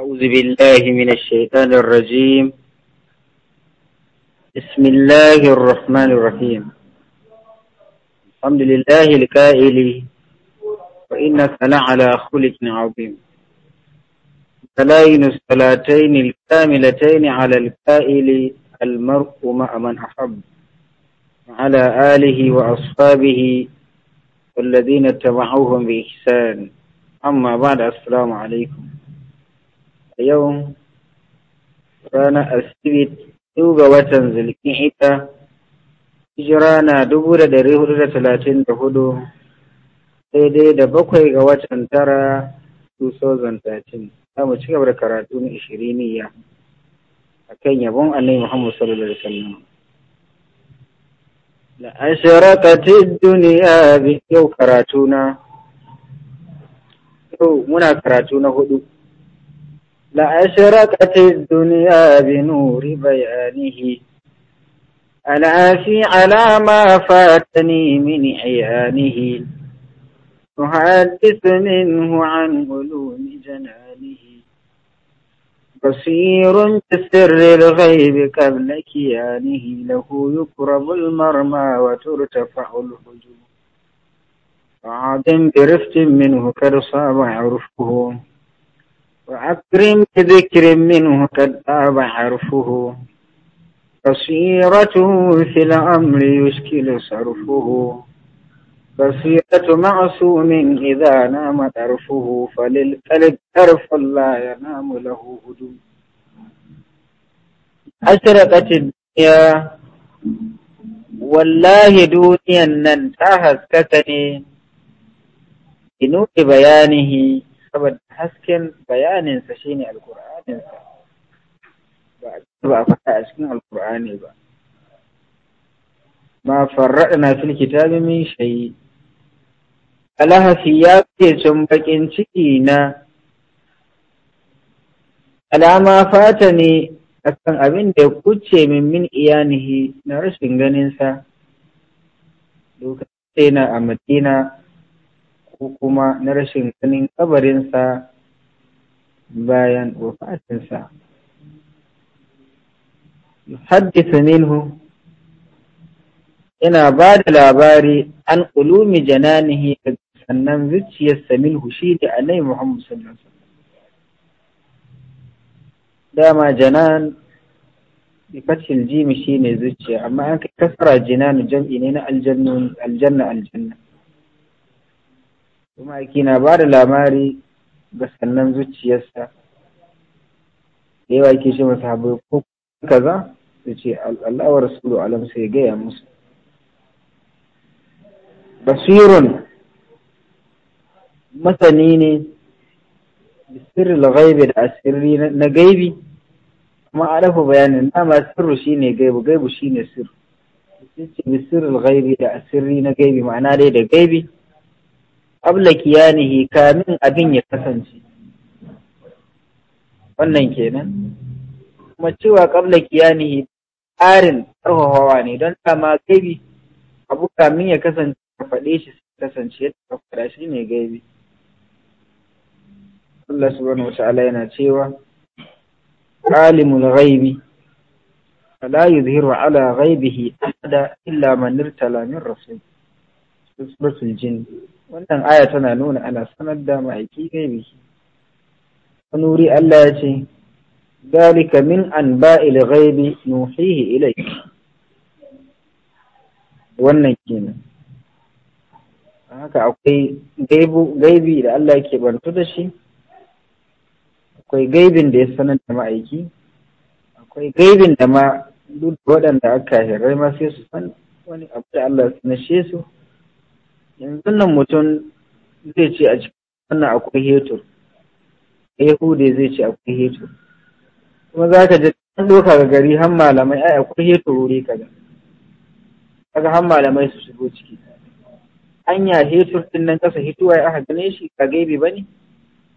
أعوذ بالله من الشيطان الرجيم بسم الله الرحمن الرحيم الحمد لله الكائل وإنك لعلى خلق عظيم تلاين الصلاتين الكاملتين على الكائل المرء مع من أحب على آله وأصحابه والذين اتبعوهم بإحسان أما بعد السلام عليكم yau ranar asibit su ga watan zulkin ita hijira na dubu da dari hudu da talatin da hudu daidai da bakwai ga watan tara 2013 za mu ci gaba da karatu na ishiriniya a kan yabon annai muhammadu sallallahu alaihi wasallam da an sharakati duniya yau karatu na muna karatu na hudu لأشرقت الدنيا بنور بيانه العافي على ما فاتني من عيانه أحدث منه عن علوم جنانه بصير بسر الغيب قبل كيانه له يقرب المرمى وترتفع الهجوم وعاد برفت منه كرصاب عرفه وأكرم بذكر منه قد آب حرفه بصيرته في الأمر يشكل صرفه بصيرة معصوم إذا نام طرفه فللقلب طرف لا ينام له هدوء أشرقت الدنيا والله دوني أن ننتهز كتني بنور بيانه saboda hasken bayaninsa shine alkur'aninsa ba a faɗa a cikin alkur'ani ba ma na fil kitabi min shayi. alhafi ya fiye cin bakin ciki na alama fata ne a kan abin da ya kuce min min iyanihi na rashin ganinsa lokacin na a madina ko kuma na rashin ganin kabarinsa bayan wafatinsa yuhaddithu minhu yana ba da labari an ulumi jananihi sannan zuciyarsa minhu shi da annabi Muhammad sallallahu dama janan bifacin jimi shi ne zuciya amma an kai kasara jinanu jam'i ne na aljanna aljanna kuma aiki na ba da labari ga sannan zuciyarsa da yawa ke shi masa haɓe ko kaza su ce al'awar rasulu alam sai gaya musu basirun masani ne bisirin lagaibe da asirri na gaibi kuma a dafa bayanin dama sirru ne gaibu gaibu shi ne sirru bisirin lagaibe da asirri na gaibi ma'ana dai da gaibi qabla kiyanihi kamin abin ya kasance wannan kenan kuma cewa qabla kiyanihi tsarin tsarhawa ne don dama gaibi abu kamin ya kasance ka faɗe shi kasance yadda ka shi ne gaibi Allah subhanahu wa ta'ala yana cewa alimul ghaibi فلا yuzhiru ala غيبه أحدا إلا من ارتلى من رسول سورة الجن wannan aya tana nuna ana sanar da ma'aiki gaibi wani wuri Allah ya ce dalika min an anba'il ghaibi nuhihi ilai wannan ke nan. A haka akwai gaibi da Allah ke bantu da shi akwai gaibin da ya sanar da ma'aiki akwai gaibin da ma duk waɗanda aka hirai ma sai su san wani abu da Allah ya sanashe su yanzu nan mutum zai ce a cikin wannan akwai hetur eh, yahude zai ce akwai hetur kuma za ka ji an doka ga gari han malamai ai akwai hetur wuri kaza kaga han malamai su shigo ciki anya hetur din nan kasa hituwa ya aka gane shi ka gaibe ne?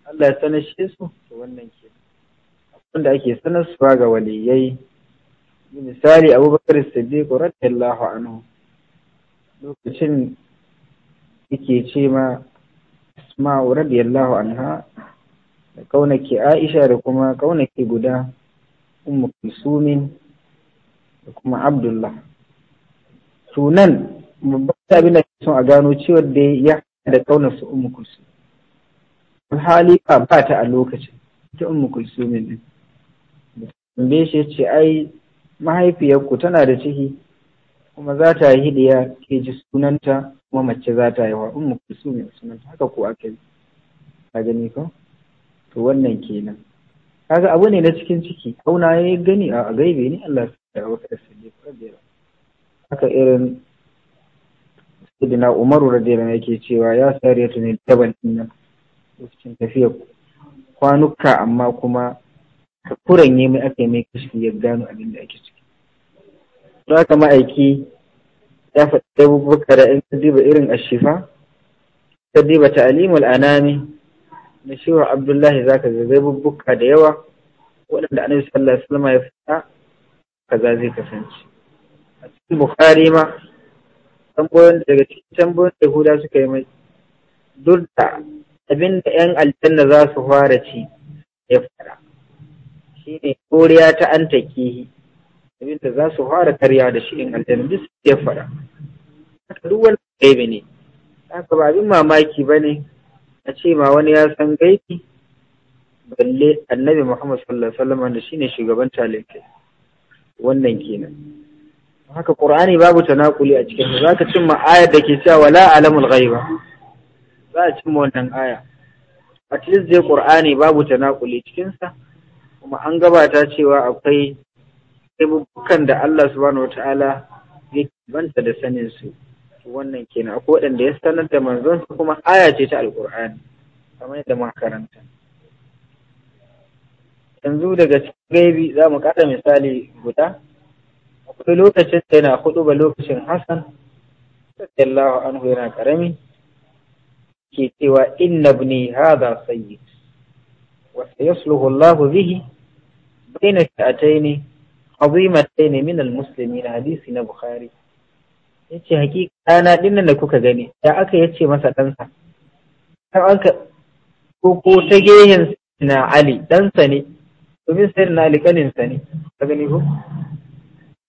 Allah ya sanar shi su to wannan ke abin da ake sanar suwa ga waliyai misali Abubakar Siddiq radiyallahu anhu lokacin yake ce ma Asma'u radiyallahu anha da kaunake Aisha da kuma kaunake guda Ummu Kulsumin da kuma Abdullah sunan babban abin da ke son a gano cewa da ya da kaunar su Ummu Kulsum hali ba ba ta a lokacin ta Ummu Kulsumin din tambaye shi ce ai mahaifiyarku tana da ciki kuma za ta yi hidiya ke ji sunanta kuma mace za ta yi wa ummu kulsum ne sunanta haka ko aka yi ka gani ko to wannan kenan kaga abu ne na cikin ciki kauna ya gani a gaibe ne Allah ya wa kada sai ya haka irin sidina Umaru radiyallahu anhu yake cewa ya sariyatu ne tabal dinnan cikin tafiya kwanuka amma kuma kuranye mai aka yi mai kashi ya gano abin da ake ciki za ka ma'aiki ya faɗi abubuwa da in ka diba irin ashifa ka diba ta'alimul anami na shiwa abdullahi za ka zai bubbuka da yawa waɗanda annabi sallallahu alaihi wasallam ya faɗa kaza zai kasance a cikin bukhari ma tambayoyin daga cikin tambayoyin da huda suka yi mai duk da abin da yan aljanna za su fara ci ya faɗa shine koriya ta an abinda za su fara karya da shi in aljanna duk su ya fara haka duk wani gaibi ne haka ba abin mamaki ba ne a ce ma wani ya san gaibi balle annabi muhammad sallallahu alaihi wasallam shi shine shugaban talibai wannan kenan haka qur'ani babu tanakuli a cikin za ka cin ayar da ke cewa wala alamul ghaiba za a ma wannan aya at least dai qur'ani babu tanakuli cikin sa kuma an gabata cewa akwai bukukan da Allah subhanahu wataala ya banta da sanin su wannan kenan akwai waɗanda ya sanar da manzon su kuma aya ce ta alqur'ani kamar yadda muka karanta yanzu daga cikin gaibi za mu kada misali guda akwai lokacin da yana hudu ba lokacin Hassan sallallahu anhu yana karami ke cewa inna ibni hadha sayyid wa sayasluhu Allahu bihi bayna sha'ataini azimatayn min al na hadisi na bukhari Ya ce hakika ɗana dinnan da kuka gani da aka yace masa ɗansa har an ka ko ta gehen na ali ɗansa ne domin sai na ali kaninsa ne ka gani ko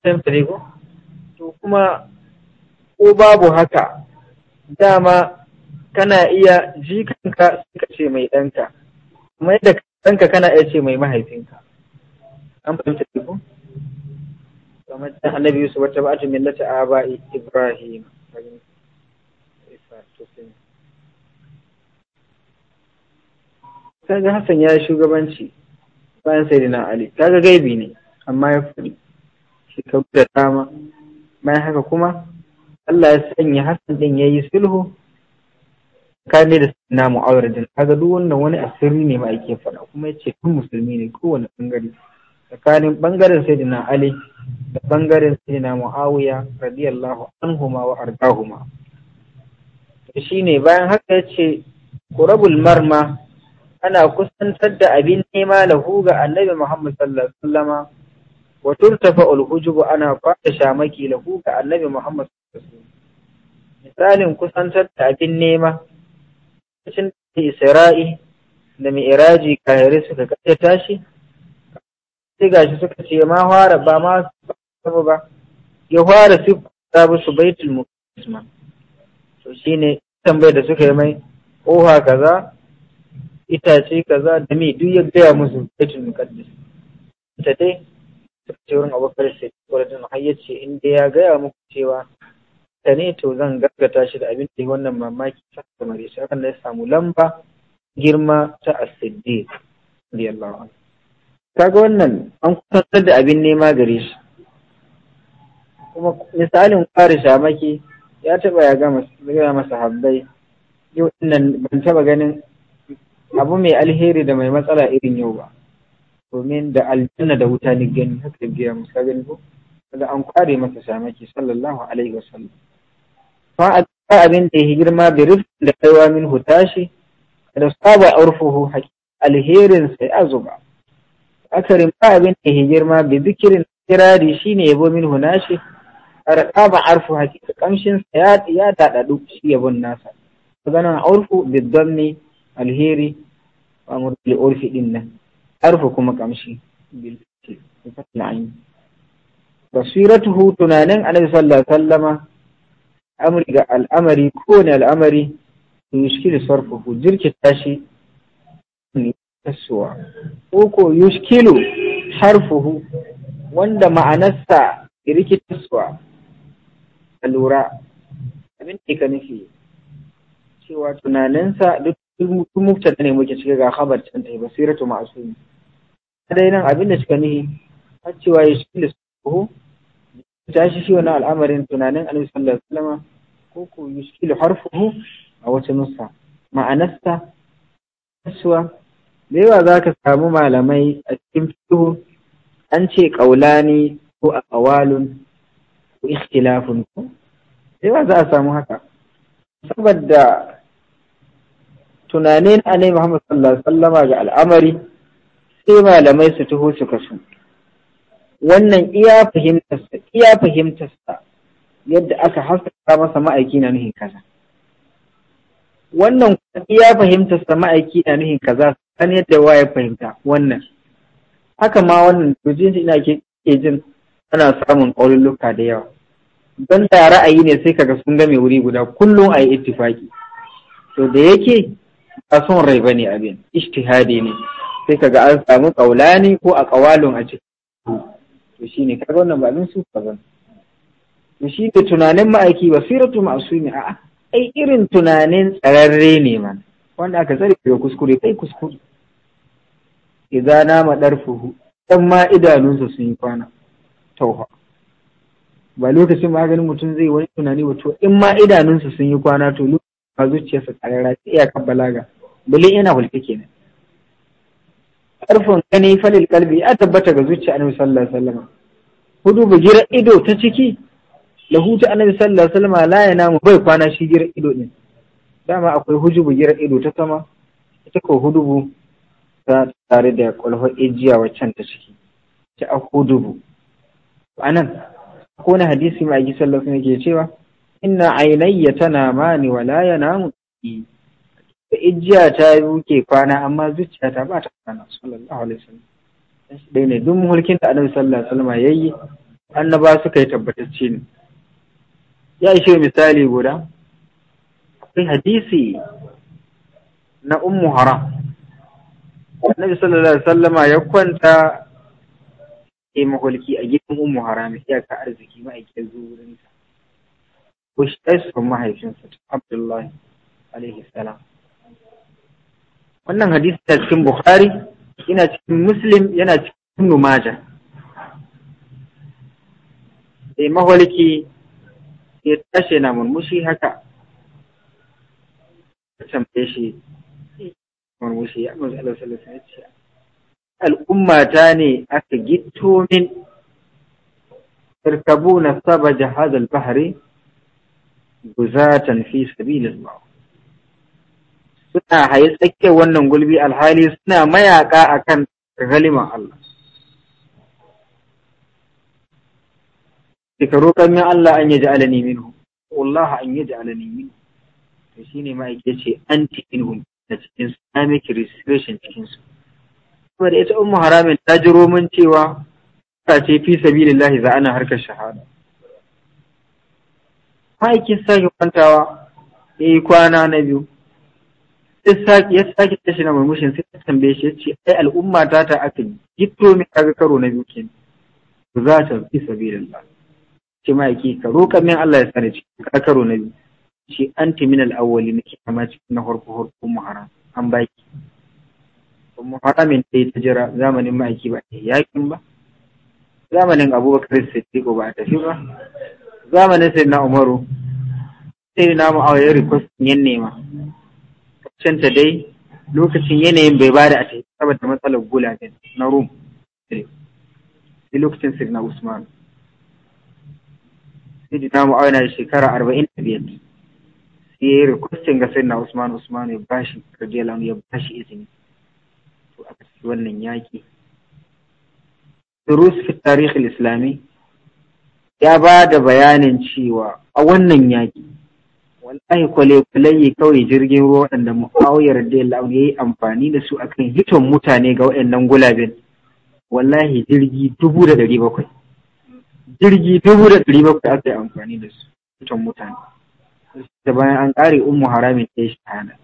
ɗansa ne ko to kuma ko babu haka dama kana iya jikanka suka ce mai ɗanka kuma yadda ɗanka kana iya ce mai mahaifinka an fahimta ko kamar da annabi yusuf wata ba ta millata aba ibrahim kaga hassan ya shugabanci bayan sai na ali kaga gaibi ne amma ya faɗi shekaru da dama bayan haka kuma allah ya sanya hassan din yayi sulhu tsakani da na mu'awar din kaga duk wannan wani asiri ne ake faɗa kuma ya ce musulmi ne kowane bangare tsakanin bangaren sayyidina ali da bangaren sayyidina muawiya radiyallahu anhuma wa ardahuma ne, bayan haka yace qurabul marma ana kusantar da abin nema lahu ga annabi muhammad sallallahu alaihi wasallama wa turtafa ulhujubu ana kwata shamaki lahu ga annabi muhammad sallallahu alaihi misalin kusantar da abin nema lokacin isra'i da mi'raji kahiri suka kace tashi sai ga shi suka ce ma fara ba ma ba ya fara su ta su baitul muqaddas ma to shine tambayar da suka yi mai oha kaza itace kaza da me duk ya gaya musu baitul muqaddas ta dai suka ce wurin abubakar sai kwaratun har ya ce in ya gaya muku cewa ta ne to zan gaggata shi da abin da wannan mamaki sa kamar shi hakan ya samu lamba girma ta as-siddiq radiyallahu anhu kaga wannan an kusantar da abin nema gare shi kuma misalin kwari shamaki ya taba ya gaya masa habbai yau nan ban taba ganin abu mai alheri da mai matsala irin yau ba domin da aljanna da wuta ni gani haka da biya musa gani ko kaga an kware masa shamaki sallallahu alaihi wasallam fa a abin da ya girma bi rufin da kaiwa min hutashi da saba urfuhu alherin sai azuba akarin ba abin da ke girma bi zikirin kirari shine yabo min hunashi arqaba arfu hakika kamshin ya ya daɗaɗu shi yabon nasa maganan urfu bidammi alheri wa murbil urfi din nan arfu kuma kamshi bil fatil ayn basiratuhu tunanin annabi sallallahu alaihi wasallama amri ga al'amari kowane al'amari yushkilu sarfuhu jirkita shi kasuwa ko ko yushkilu harfuhu wanda ma'anarsa rikitarsuwa a lura abin da ka nufi cewa tunaninsa duk mubtada ne muke cike ga khabar can ta basiratu ma'sumi dai nan abin da suka nihi har cewa ya shi lissuhu ta shi shi wani al'amarin tunanin annabi sallallahu alaihi wasallam ko ko yushkilu harfuhu a wata nusa ma'anarsa kasuwa da yawa za ka samu malamai a cikin fito an ce ƙaulani ko a ƙawalun ko ikhtilafun ko da yawa za a samu haka saboda tunanin annabi Muhammad sallallahu alaihi wasallama ga al'amari sai malamai su taho su kasu wannan iya fahimtarsa iya fahimtarsa yadda aka haskaka masa ma'aiki na nuhin kaza wannan iya fahimtarsa ma'aiki na nuhin kaza an yadda wa ya fahimta wannan haka ma wannan to jin ina ke jin ana samun ƙaululluka da yawa don da ra'ayi ne sai kaga sun game wuri guda kullum a yi ittifaki to da yake ba son rai ba ne abin ishtihadi ne sai kaga an samu ƙaulani ko a ƙawalun a ciki to shi ne kaga wannan ba abin su ba to shi ne tunanin ma'aiki basiratu ne a'a ai irin tunanin tsararre ne mana wanda aka tsare daga kuskure kai kuskure idan nama darfuhu dan ma idanunsa sun yi kwana tauha ba lokacin maganin mutum zai wani tunani ba to in ma idanunsa sun yi kwana to lokacin ba zuciyarsa karara sai iya balaga bilin yana hulke kenan karfin gani falil kalbi ya tabbata ga zuciya annabi sallallahu alaihi wasallam hudu bugira ido ta ciki lahuta annabi sallallahu alaihi wasallam la mu bai kwana shi gira ido din dama akwai hujubu gira ido ta sama ita ko hudubu ta tare da kwalhar ijiya waccan ta ciki ta a hudubu anan ko wani hadisi mai agi sallallahu alaihi ke cewa inna ainayya tana mani wala yanamu da ijiya ta buke kwana amma zuciya ta ba ta kwana sallallahu alaihi wasallam dai ne duk mulkin da annabi sallallahu alaihi wasallam yayi annaba suka yi tabbatacce ne ya ishe misali guda akwai hadisi na ummu haram annabi sallallahu alaihi wasallama ya kwanta اي mahulki a gidan ummu haram ya ka arziki ma'aikin zuwurinta ko shi ɗan عبد abdullahi عليه السلام wannan hadisi ta cikin bukhari yana cikin muslim yana cikin numaja sai mahulki ya tashi na murmushi haka ta tambaye shi hmm. murmushi ya manzo Allah ya ce al'umma ta ne aka gito min tarkabuna na hadha bahri guzatan fi suna haye tsakiyar wannan gulbi alhali suna mayaka akan galiman Allah Dika roƙon min Allah an yaji alani minhu, Allah an yaji alani to shine ma'aiki ce anti inhum da cikin su ta miki registration cikin su saboda ita ummu haramin ta ji mun cewa ta ce fi sabilillahi za ana harkar shahada ma'aikin sake kwantawa ya yi kwana na biyu ya sake tashi na murmushin sai ta tambaye shi ya ce ai al'umma ta ta aka gito min kaga karo na biyu kenan za ta fi sabilillah ce ma'aiki ka roƙa min Allah ya sani cikin karo na biyu shi an min al na ke kama cikin na harko harko muharram an baki Kuma muharramin da ta jira zamanin ma'aiki ba ta yakin ba zamanin abubakar siddiq ba a tafi ba zamanin sai na umaru sai na mu'awa ya request yan nema Kacin ta dai lokacin yanayin bai bada a tafi saboda matsalar gula gulagen na rum sai lokacin sai na usman sai na mu'awa na shekara arba'in da biyar ya yi requesting ga sayyidina Usman Usman ya bashi radiyallahu anhu ya bashi izini to aka ci wannan yaki Durus fi tarihi islami ya ba da bayanin cewa a wannan yaki wallahi kwale-kwale kawai jirgin ruwa waɗanda mu'awiyar radiyallahu anhu ya yi amfani da su akan hiton mutane ga waɗannan gulabin wallahi jirgi dubu da ɗari bakwai jirgi dubu da ɗari bakwai aka yi amfani da su hiton mutane da bayan an ƙare ummu haramin ta yi shahada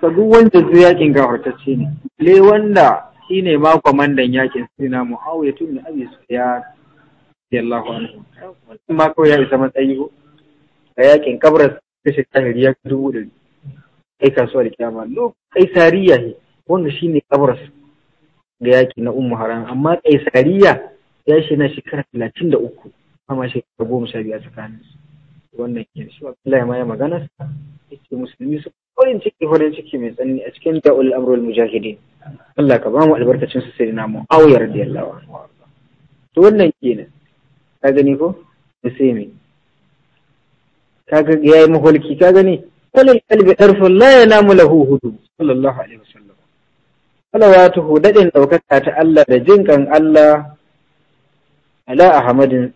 ka duk wanda zu yakin gafartacce ne le wanda shi ne ma kwamandan yakin na muawiya tun da abi Allah wa Allah. ma kawai ya isa matsayi ko a yakin kabras kashe tahiri ya dubu da kai kasuwa da kyama. lo kai sariya ne wanda shi ne kabras ga yaki na ummu haram amma kai sariya ya shi na shekara talatin da uku amma shekara goma sha biyar tsakaninsu wannan iya shi ma ya magana yake musulmi su farin ciki farin ciki mai tsanani a cikin da'ul amrul mujahidin Allah ka ba mu albarkacin su sai na mu auyar da yallawa to wannan kenan ka gani ko da sai me ka ga yayi maholki ka gani kullu qalbi darfun la yanamu lahu hudu sallallahu alaihi wasallam salawatuhu dadin daukaka ta Allah da jinkan Allah ala ahmadin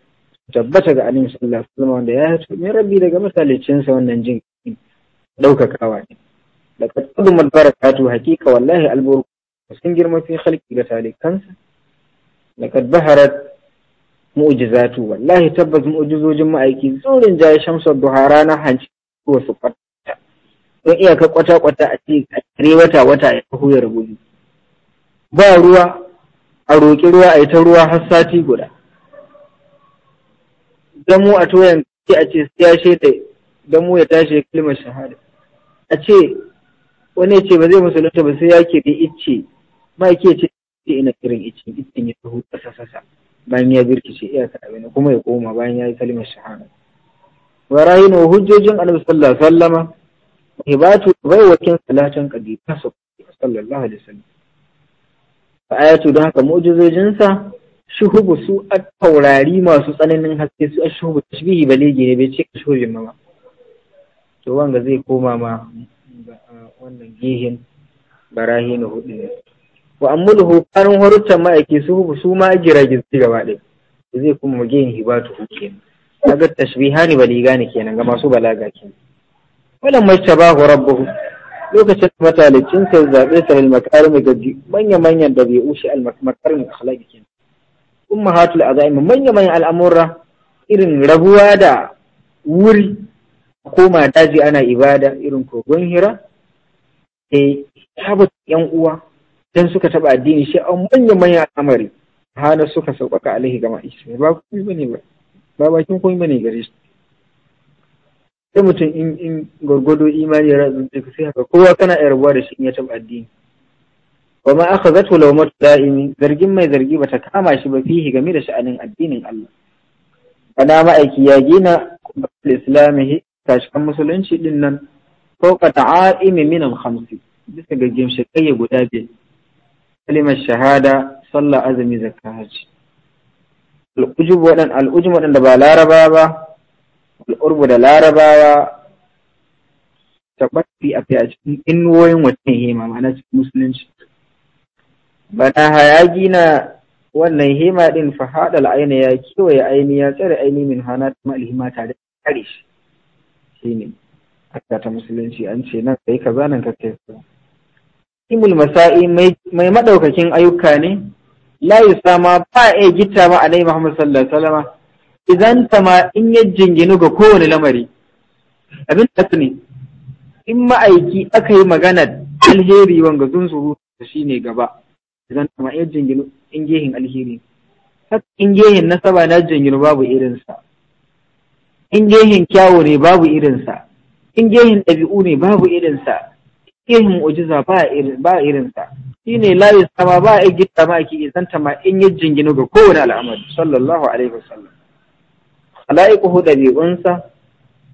tabbata ga annabi sallallahu alaihi wasallam wanda ya hato ne rabbi daga masalicinsa wannan jin daukakawa ne laqad qadumat barakatu hakika wallahi alburu sun girma fi khalqi ga talikansa laqad baharat mu'jizatu wallahi tabbas mu'jizojin ma'aiki zurin jaye shamsar duhara na hanci wasu kwata don iyaka kwata kwata a ce kare wata wata ya taho ya ba ruwa a roƙi ruwa a yi ta ruwa har sati guda damu a toyan ke a ce ya shaida damu ya tashi kalmar shahada a ce wani ya ce ba zai musulunta ba sai ya kiri icce ma ke ce ina kirin icce, iccen ya taho ƙasa sasa bayan ya birkice iyaka abin kuma ya koma bayan ya yi kalmar shahada wa rahinu hujjojin annabi sallallahu alaihi wasallama hibatu baiwakin salatin qadi sallallahu alaihi wasallam ayatu don haka mu'jizojinsa shuhubu su a taurari masu tsananin haske su a shuhubu Ta ba lege ne bai ce ka shuhubin ma to wanga zai koma ma wannan gihin barahi na hudu ne wa ammul hukarin horutan ma'aiki su su ma gira gizi gaba ɗaya zai kuma gihin hibatu hukin kaga tashbihani baliga ne kenan ga masu balaga kenan wannan mai ta bahu rabbuhu lokacin matalicin sai zabe sa lil makarim ga manya manyan da bai ushi al makarim akhlaqi ummahatul azaim manya manyan al'amura irin rabuwa da wuri koma daji ana ibada irin kogon hira eh sabat yan uwa dan suka taba addini shi an manya manyan al'amari hana suka sauƙaƙa alaihi gama isa ba kuma bane ba ba bakin kuma bane gare shi sai mutum in gwargwado imani ya ratsu sai haka kowa kana yarbuwa da shi in ya taba addini wa ma akhazatu lawmatu da'imi zargin mai zargi bata kama shi ba fihi game da sha'anin addinin Allah Bana ma'aiki ya gina islamihi tashikan musulunci din nan fawqa ta'imi min al-khamsi bisa ga gimshiƙayya guda biyar kalimar shahada sallah azumi zakka hajji al-ujub ba laraba ba al da larabawa tabbati a cikin inwoyin watan hima ma'ana cikin musulunci bana ya gina wannan hima din fa haɗa aina ya kewaye aini ya tsare aini min hana ta alhima tare da kare shi ne aka ta musulunci an ce nan kai kaza nan ka kai kaza imul masa'i mai madaukakin ayyuka ne la ma ba a gita ma alai Muhammad sallallahu alaihi wasallam idan ta ma in ya jinginu ga kowane lamari abin da ne in ma'aiki aka yi magana alheri wanga zunzuru shi ne gaba zan ma iya jinginu in gehin alheri haka in nasaba na jinginu babu irinsa in gehin kyawo ne babu irinsa in gehin ɗabi'u ne babu irinsa in gehin ujiza ba irinsa shi ne layu sama ba a gita ma ake ta ma in yi jinginu ga kowane al'amari sallallahu alaihi wasallam ala'iquhu ɗabi'unsa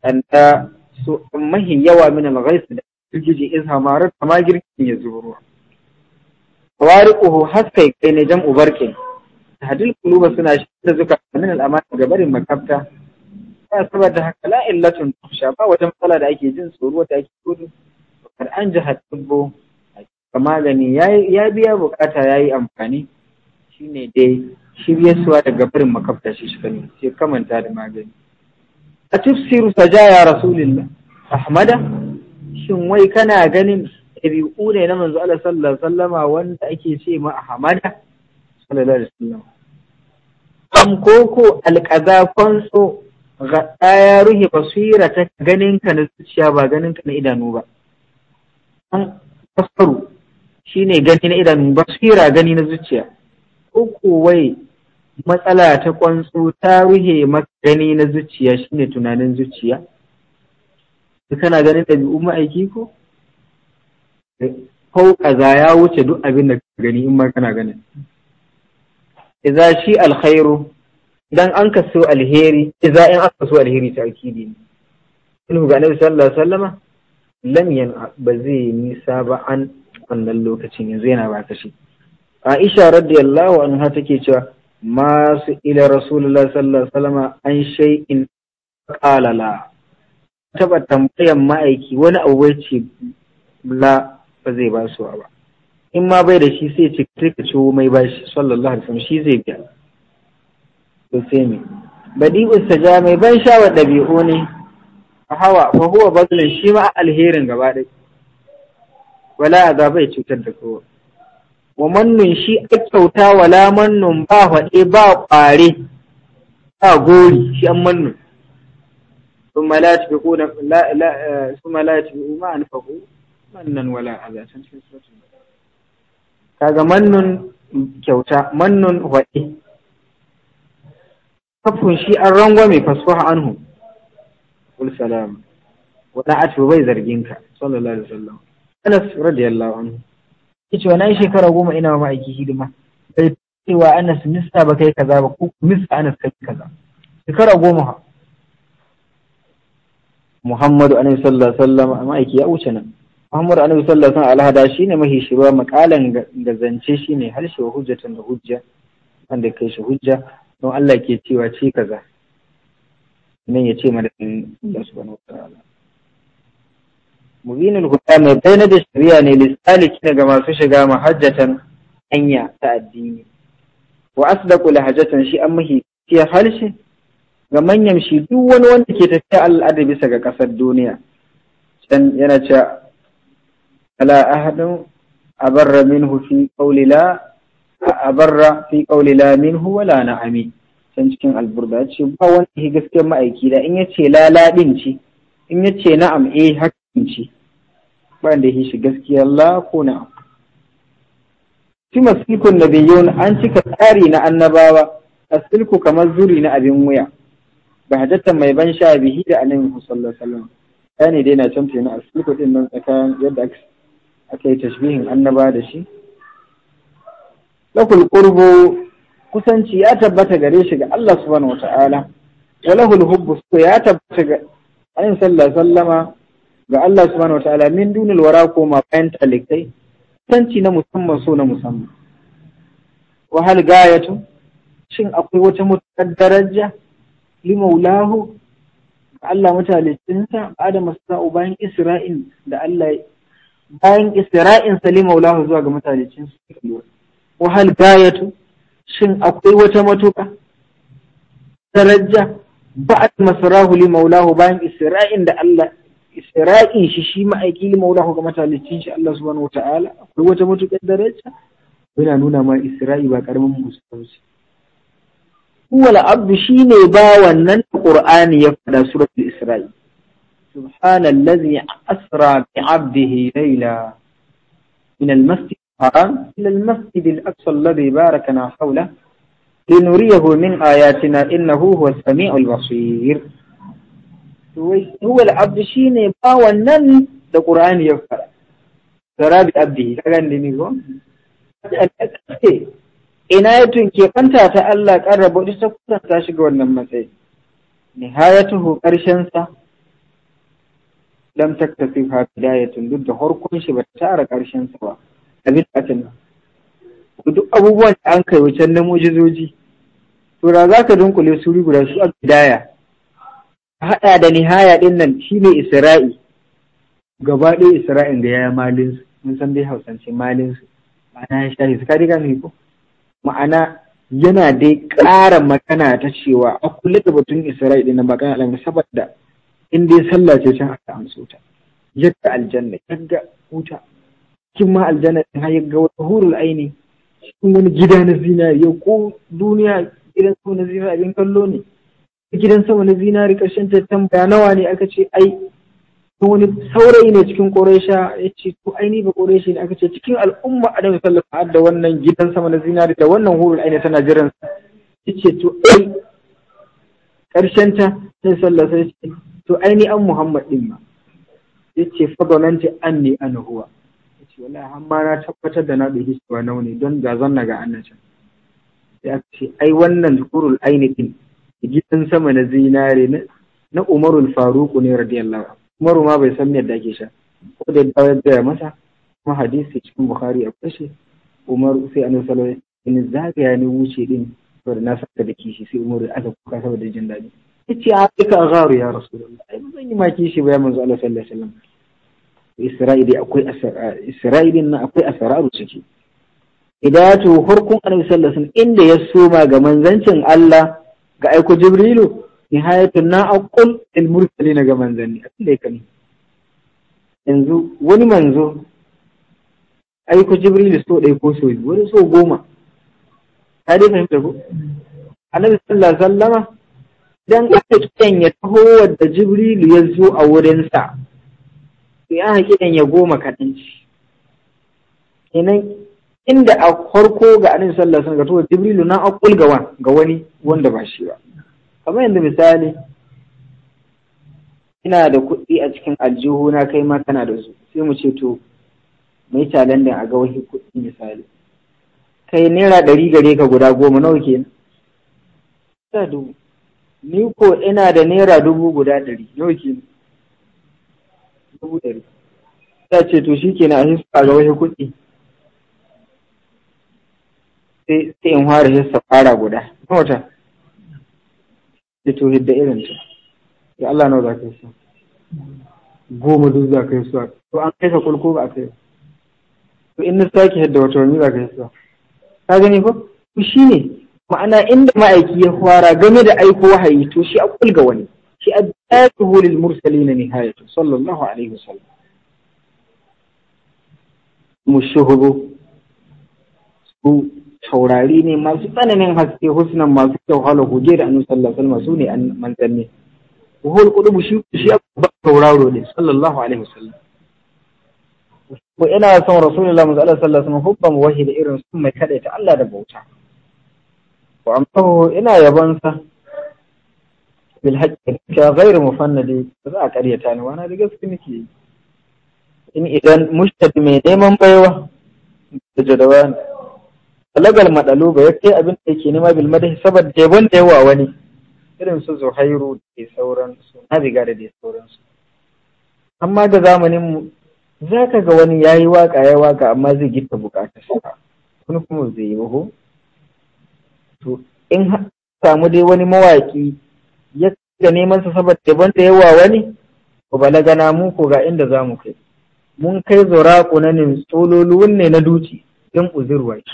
anta su mahin yawa min al-ghais da jirgi izhamarat kama girkin ya zuwa uhu haskai kai ne jam'u barqin hadil kuluba suna shi da zuka min al'amani ga barin makafta ya saboda haka la illatun tusha ba wata matsala da ake jin tsoro da ake gudu kar an ji jaha ga magani ya biya bukata yi amfani shine dai suwa daga barin makafta shi shi kane sai kamanta da magani a tafsiru sajaya rasulillah ahmada shin wai kana ganin ɗabi'u ne na manzo Allah sallallahu alaihi wasallam wanda ake ce ma hamada sallallahu alaihi wasallam am koko alqaza konso ga ya ruhi basira ta ganin ka na zuciya ba ganin ka na idanu ba an fasaru shine gani na idanu basira gani na zuciya koko wai matsala ta kwantso ta ruhe maka gani na zuciya shine tunanin zuciya kana ganin ɗabi'u ma'aiki ko fauka za ya wuce duk abin da gani in ma kana ganin idza shi alkhairu idan an ka so alheri idza in aka so alheri ta akidi ne in ga annabi sallallahu alaihi wasallama lam yan ba zai nisa ba an wannan lokacin yanzu yana ba kashi shi Aisha radiyallahu anha take cewa masu ila rasulullahi sallallahu alaihi wasallama an shay'in qala la taba tambayan ma'aiki wani abu ce la ba zai ba su ba in ma bai da shi sai ce ka ciwo mai bashi sallallahu alaihi wasallam shi zai biya to sai me badi'u saja mai ban wa dabi'u ne fa hawa fa huwa bazlin shi ma alherin gaba ɗaya wala da bai cutar da kowa wa mannun shi a kyauta wala mannun ba haɗe ba ƙware ba gori shi an mannun sun malati bi kuna eh, sun malati bi kuma mannan wala aza san cikin suratul kaga mannun kyauta mannun waɗe kafin shi an rangwame fasfaha anhu kul salam wala atu bai zargin ka sallallahu alaihi wasallam Anas radiyallahu anhu yace wani shekara goma ina ma aiki hidima bai cewa Anas nista ba kai kaza ba ko mista Anas kai kaza shekara goma ha Muhammadu anayi sallallahu alaihi wasallam ma'aiki ya wuce nan Muhammad Annabi sallallahu alaihi alhada shine mahi shirwa makalan da zance shine harshe wa hujjatan da hujja wanda kai shi hujja don Allah ke cewa ci kaza nan ya ce mana Allah subhanahu wa ta'ala mubinul huda mai bayyana da shari'a ne lissaliki daga masu shiga mahajjatan hanya ta addini wa asdaqu lahajatan shi an mahi fiye harshe ga manyan shi duk wani wanda ke tafiya al'ada bisa ga ƙasar duniya can yana cewa فلا أحد أبر منه في قول لا أبر في قول لا منه ولا نعمي can cikin alburda ce ba wani shi gaske ma'aiki da in ya ce lala ce in ya ce na'am eh hakin ce ba da shi gaskiya la ko na'am fi masikun nabiyyun an cika tsari na annabawa asilku kamar zuri na abin wuya bahajata mai ban sha bihi da annabi sallallahu alaihi wasallam ne dai na canfe na asilku din nan tsakanin yadda aka aka yi tashbihin annaba da shi lakul qurbu kusanci ya tabbata gare shi ga Allah subhanahu wa wa lahul hubbu ya tabbata ga ayin sallallahu sallama ga Allah subhanahu wa min dunil wara ko ma bayan talikai kusanci na musamman so na musamman wa hal gayatu shin akwai wata mutakar daraja limaulahu maulahu Allah mutalicinsa Adam sa'u bayan Isra'il da Allah bayan isra'in salima maulahu zuwa ga cin su wa hal gayatu shin akwai wata matuka daraja a masarahu li maulahu bayan isra'in da Allah isra'in shi shi ma'aiki li maulahu ga matalicin shi Allah subhanahu wata'ala akwai wata matukar daraja yana nuna ma isra'i ba karamin musulunci huwa al-abdu shine ba wannan qur'ani ya fada suratul isra'i سبحان الذي أسرى بعبده ليلا من المسجد الحرام إلى المسجد الأقصى الذي باركنا حوله لنريه من آياتنا إنه هو السميع البصير هو العبد شيني باوان النن القرآن يفعل سراب عبده sarabi abdi kaga ne ne ko ce ina ya tunke kanta ta Allah lam taktasifa bidayatun duk da harkon shi ba tara karshen sa ba abin atin duk abubuwan da an kai na mujizoji to za ka dunkule suri guda su a bidaya haɗa da nihaya ɗin nan shi ne gaba ɗaya isra'in da ya yi malinsu mun san dai hausance malinsu ma'ana ya shafi su ka dai ko ma'ana yana dai ƙara magana ta cewa a kulle da batun isra'i ɗin nan ɗan saboda in dai sallah ce can aka an ta yadda aljanna yadda wuta kin ma aljanna din har ga wata hurul aini cikin wani gida na zinari yau ko duniya gidan sama na zinari abin kallo ne gidan sama na zinari ƙarshen tattan nawa ne aka ce ai wani saurayi ne cikin ƙoresha ya ce to ai ni ba ƙoresha ne aka ce cikin al'umma adam sallallahu da wannan gidan sama na zinari da wannan hurul aini tana jiran sa ya ce to ai ƙarshen ta sai sallah sai ce to aini an Muhammad din ma yace fa an anni an huwa yace wallahi har ma na tabbatar da na dauki cewa nau ne don ga zanna ga annacin ya ce ai wannan zukurul aini din gidan sama na zinare na na Umarul Faruku ne radiyallahu anhu Umaru ma bai san yadda ake sha ko da ya gaya masa kuma hadisi cikin Bukhari a kashe Umar sai an sallallahu alaihi wasallam zagaya ne wuce din saboda na saka da kishi sai Umaru aka kuka saboda jin daɗi a duka a gharu ya rasulullah ai zan yi maki shi ba ya manzo Allah sallallahu alaihi wasallam isra'ili akwai isra'ilin nan akwai asararu ciki ya idatu hurkun annabi sallallahu alaihi inda ya soma ga manzancin Allah ga aiko jibrilu nihayatun na aqul al mursalina ga manzanni a da yake yanzu wani manzo aiko jibrilu so ɗaya ko so biyu wani so goma ta dai fahimta ko annabi sallallahu alaihi wasallama dan kada ya taho wadda jibrilu ya zo a wurinsa to ya kiɗan ya goma kaɗan kenan inda a farko ga anin Sallar sun wasallam jibrilu na aqul ga ga wani wanda ba shi ba kamar yanzu misali ina da kuɗi a cikin aljihu na kai ma kana da su sai mu ce to mai talandin a ga kuɗi misali kai naira ɗari gare ka guda goma nawa kenan sa dubu Ni ko ina da naira dubu guda ɗari, nawa ke dubu ɗari. Ta ce to shi kenan a hisa ga wasu kuɗi. Sai in fara hisa fara guda. Wata. ta to hidda irin ta. Ya Allah nawa za ka yi Goma duk za ka yi To an kai ka kulko ba a kai. To in na sake hidda wata wani za ka yi su. Ka gani ko? Shi ne. ma'ana inda ma'aiki ya fara game da aiko wahayi to shi a kulga wani shi a dafihu lil mursalin nihayatu sallallahu alaihi wasallam mushuhuru su taurari ne masu tsananin haske husnan masu kyau halar hoge da annabi sallallahu alaihi wasallam su ne an manzanni ruhul qudub shi shi ba tauraro ne sallallahu alaihi wasallam ko ina son rasulullahi sallallahu alaihi wasallam hubban wahida irin sun mai ta Allah da bauta wa amsahu ina yabansa bil haqqi ka ghairu mufannadi ba za a karyata ni wani da gaske nake yi in idan mushtadi mai neman baiwa da jadawan talagal madaluba ya kai abin da yake nema bil madahi saboda yabon da yawa wani irin zuhairu da sauran da dai sauran amma da zamanin mu zaka ga wani yayi waka yayi waka amma zai gita bukatar sa wani kuma zai yi ba to in samu dai wani mawaki ya da neman sa saboda daban da yawa wani ko balaga na mu ko ga inda za mu kai mun kai zora ko na ne tsololuwun ne na duci in uzurwai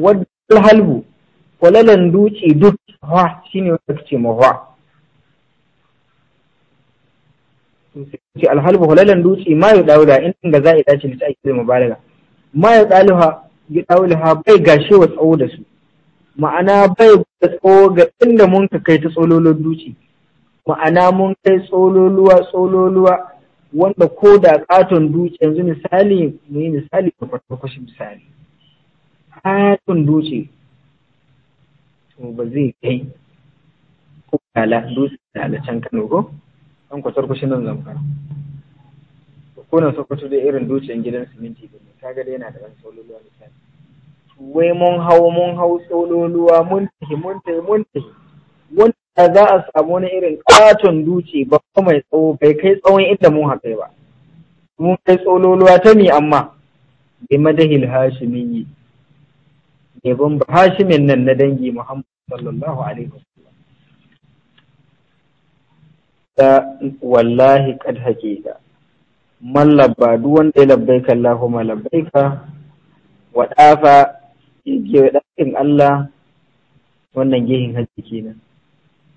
wadda halbu kwalalan duci duk ha shine wanda kace mahwa ce alhalbu hulalan duci ma ya daula inda za a dace da ta ake mabalaga ma ya tsaliha ya daulaha bai gashe wa tsawo da su ma'ana bai da tsawo ga inda mun ka kai ta tsololon duci ma'ana mun kai tsololuwa tsololuwa wanda ko da katon duci yanzu misali mu yi misali ka farfashi misali katon duci to ba zai kai ko kala duci da alacan kano ko an kwatar kushin nan zamfara ko na sokoto da irin ducin gidan siminti ne kaga dai yana da ran tsololuwa misali wai mun hau mun hau tsololuwa mun tahi mun tahi mun tahi wanda za a samu na irin katon duce ba mai tsawo bai kai tsawon inda mun haka ba mun kai tsololuwa ta mi amma bai madahil hashimin yi ban ba hashimin nan na dangi muhammad sallallahu alaihi wasallam ta wallahi kad hakika man labba duk wanda ya labbaika allahumma labbaika wa dafa gewe ɗakin Allah wannan gehin hajji kenan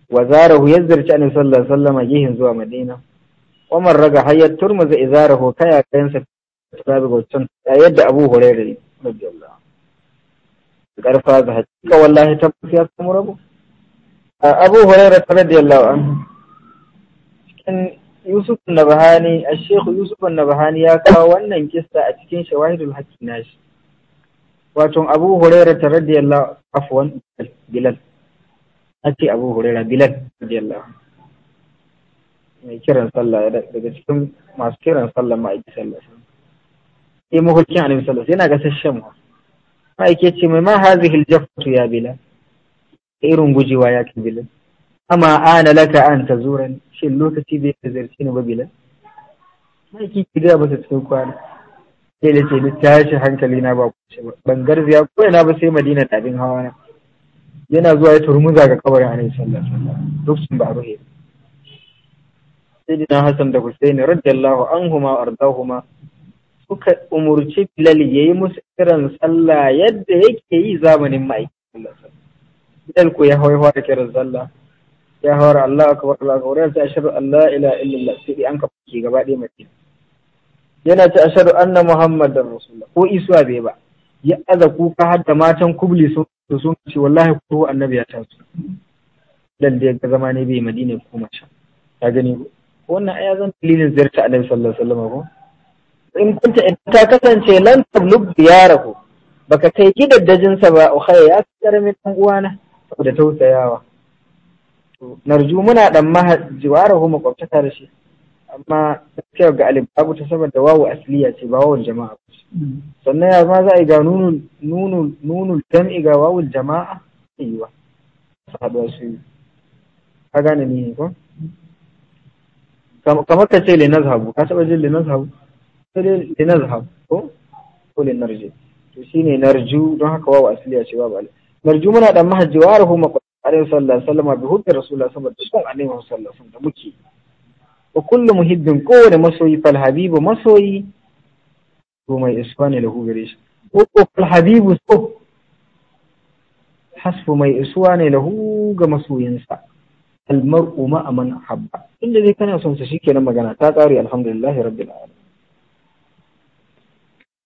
wa zarahu yazzarci annabi sallallahu alaihi wasallam gehin zuwa Madina Umar raga hayyar turmuza izarahu kaya kayansa sabi gocin yadda Abu Hurairah radiyallahu karfa da hakika wallahi tabbas ya samu rabo Abu Hurairah radiyallahu anhu cikin Yusuf Nabahani, Sheikh Yusuf Nabahani ya kawo wannan kissa a cikin Shawahidul Hakim nashi. wato abu huraira ta radiyallahu afwan bilal ake abu huraira bilal radiyallahu mai kiran sallah daga cikin masu kiran sallah aiki sallah sai mahulkin alim sallah yana ga sashen ma ma'aike ce mai ma hazihil jafatu ya bilal irin gujewa ya ke bilal amma ana laka an ta zuran shin lokaci bai ka zarci ni ba bilal ma ki ga ba ta cikin kwana sai da ce tashi hankali na ba kuce ba ban garziya ko ina ba sai madina da abin hawa na yana zuwa ya turmuza ga kabarin annabi sallallahu alaihi wasallam duk sun ba ruhe sayyidina hasan da husaini radiyallahu anhuma ardahuma suka umurci bilal yayi musu kiran sallah yadda yake yi zamanin ma'aikin sallallahu alaihi wasallam bilal ko ya hawaye da kiran sallah ya hawar Allah akbar Allah akbar sai ashhadu an la ilaha illallah sai an kafa gaba ɗaya madina yana ce ashadu anna muhammadan rasulullah ko isuwa bai ba ya aza kuka har da matan kubli sun sun ce wallahi ko annabi ya taso dan da ga zama ne bai madina ko mace ka gani wannan aya zan dalilin ziyarta annabi sallallahu alaihi wasallam ko in kunta in ta kasance lan tablub diyarahu baka kai sa ba oh, khaya ya tsare min dan uwana da tausayawa narju muna dan mahajiwarahu makwabtaka da shi amma ta ga alif babu ta saboda wawu asliya ce ba wawul jama'a ba sannan ya ma za a yi ga nunul dan ga wawul jama'a yiwa saduwa su yi ka gane ni ko kamar ka ce le zahabu, ka taba jin le zahabu sai dai le zahabu ko ko le narji to shine narju don haka wawu asliya ce ba alif narju muna dan mahajjiwa rahuma alaihi sallallahu alaihi wasallam bi hubbi rasulullah sallallahu alaihi wasallam da muke wa kullu muhibbin kowane masoyi fal habibu masoyi to mai iswani lahu gare shi ko fal habibu so hasfu mai isuwa ne lahu ga masoyinsa almar'u ma'a man habba inda dai kana son sa shikenan magana ta tsari. alhamdulillahi rabbil alamin